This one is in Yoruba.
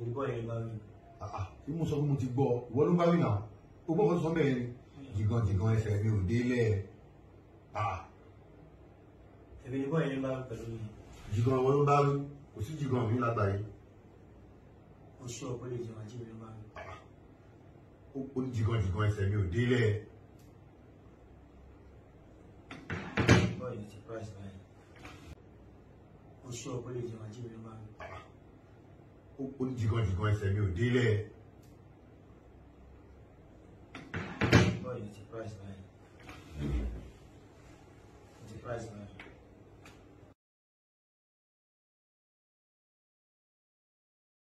èmi bọ́ yẹn bá wí. bí mo sọ fún mo ti gbọ́ ìwọ ló bá wí náà o gbọ́ fọ́tò sọ́mbẹ̀ yẹn jìgàn jìgàn ẹsẹ̀ mi ò délẹ̀ ah. èmi bọ́ yẹn bá wí pẹ̀lú mi. jìgàn ìwọ ló bá wí kò sí jìgàn mi lágbàáyé. o ṣe ọ̀pọ̀ lè jẹun àti mi ló bá wí. ó ní jìgàn jìgàn ẹsẹ̀ mi ò délẹ̀. bọ́ọ̀lù ti price báyìí mo ṣe ọ̀pọ̀ lè jẹun àti mi bá wí ó ní jìgànjìgàn ẹsẹ̀ mi ò délẹ̀. bọ́ọ̀lù ti price nine ti price nine.